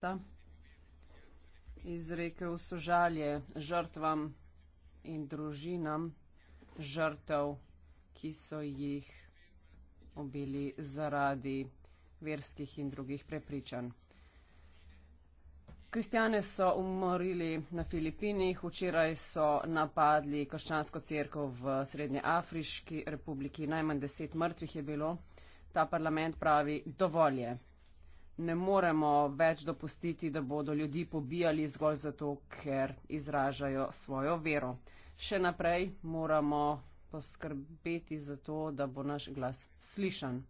ta izrekel sožalje žrtvam in družinam žrtev, ki so jih ubili zaradi verskih in drugih prepričanj. Kristjane so umorili na Filipinih, včeraj so napadli krščansko crkvo v Srednjeafriški republiki, najmanj deset mrtvih je bilo. Ta parlament pravi dovolje ne moremo več dopustiti, da bodo ljudi pobijali zgolj zato, ker izražajo svojo vero. Še naprej moramo poskrbeti za to, da bo naš glas slišan.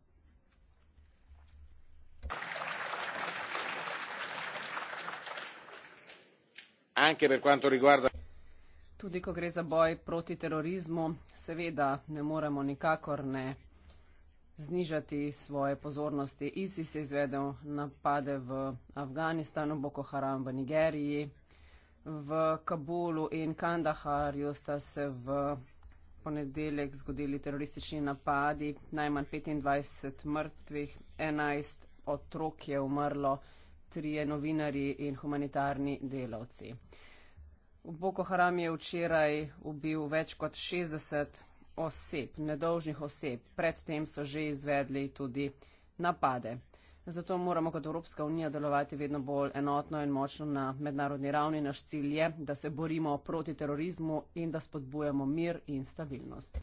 Tudi ko gre za boj proti terorizmu, seveda ne moremo nikakor ne znižati svoje pozornosti. ISIS je izvedel napade v Afganistanu, Boko Haram v Nigeriji, v Kabulu in Kandaharju sta se v ponedeljek zgodili teroristični napadi, najmanj 25 mrtvih, 11 otrok je umrlo, trije novinari in humanitarni delavci. Boko Haram je včeraj ubil več kot 60 mrtvih oseb, nedolžnih oseb. Predtem so že izvedli tudi napade. Zato moramo kot Evropska unija delovati vedno bolj enotno in močno na mednarodni ravni. Naš cilj je, da se borimo proti terorizmu in da spodbujamo mir in stabilnost.